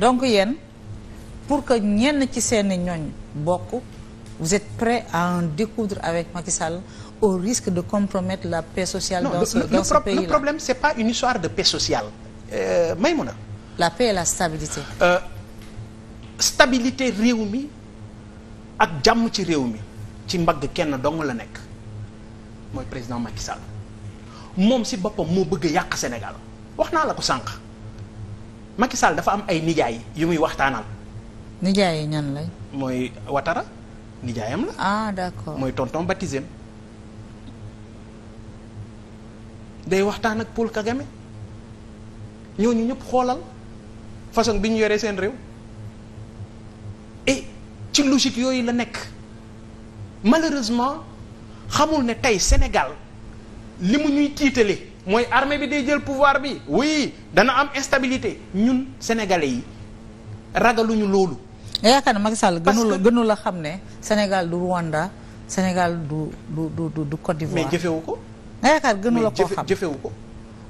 donc yéen pour que ñenn ci seeni ñooñ bokk vous êtes prêt à en découdre avec Macky au risque de compromettre la paix sociale non, dans, le, ce, dans le ce pays là le problème c'est pas une histoire de paix sociale euh, Maïmouna la paix et la stabilité euh, stabilité réew mi ak jàmm ci réew mi ci mbagg kenn dong la nekk mooy président Macky Sall moom si boppam moo bëgg yàq Sénégal wax naa la ko sànq Macky Sall dafa am ay nijaay yu muy waxtaanal. nijaay yi ñan lay. mooy Ouattara nijaayam la. ah d'accord mooy tonton baptisé day waxtaan ak Paul Kagame ñooñu ñëpp xoolal façon bi ñu yoree seen réew et ci logique yooyu la nekk malheureusement xamul ne tey Sénégal li mu ñuy tiitale mooy armée bi day jël pouvoir bi oui dana am instabilité ñun sénégalais yi ragaluñu loolu. nga yaakaar ne Macky Sall gënu la la xam ne Sénégal du Rwanda Sénégal du du du du Côte jëfewu ko. nga yaakaar gënu koo xam jëfewu ko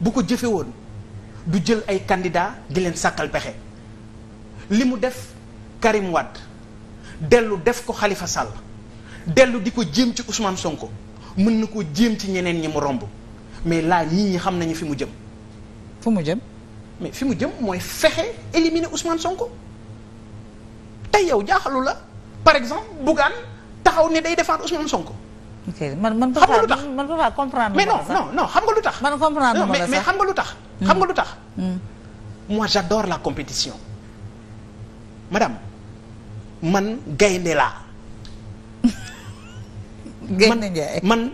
bu ko jëfe woon du jël ay candidats di leen sàkkal pexe li mu def Karim Wade dellu def ko xalifa Sall dellu di ko jéem ci Ousmane Sonko mën na ko jéem ci ñeneen ñi mu romb. mais là ñii xam nañu fi mu jëm. fu mu jëm. mais fi mu jëm mooy fexe éliminer Ousmane Sonko tey yow jaaxalu la par exemple Bougane taxaw ne day défendre Ousmane Sonko. ok man man. xam nga tax man papa comprendre. mais non non non xam nga lu tax. man comprendre ma la sax mais xam nga lu tax. Hmm. xam nga lu tax. Hmm. moi j'adore la compétition. madame man gaynde laa. gaynde man man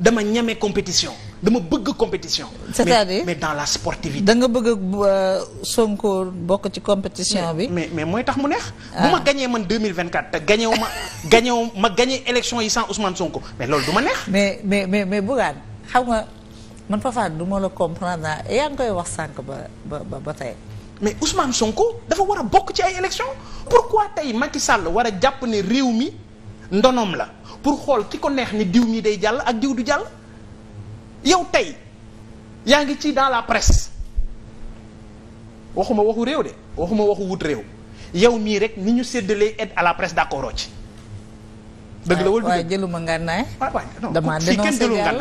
dama ñeme compétition. dama bëgg compétition. cest mais dans la sportivité. da nga bëgg euh, Sonko bokk ci compétition bi. mais mais mooy tax mu neex. Ah. bu ma gañee man 2024 te gagné wu ma gagné ma gagné élection yi san Ousmane Sonko mais loolu du ma neex. mais mais mais mais Bougane xam nga man Fafa du ma la comprendre yaa ngi koy wax sànq ba ba ba tey. mais Ousmane Sonko dafa war a bokk ci ay élection pourquoi tey Macky Sall war a jàpp ne réew mi ndonoom la pour xool ki ko neex ni diw mi day jàll ak diw du jàll. yow tey yaa ngi ci dans la presse waxuma waxu réew de waxuma waxu wut réew yow mii rek ni ñu seddalee aide à la presse d'accord ci. dëgg la wala dëgg waaye jëluma ngànnaay. dama dénoncé yàlla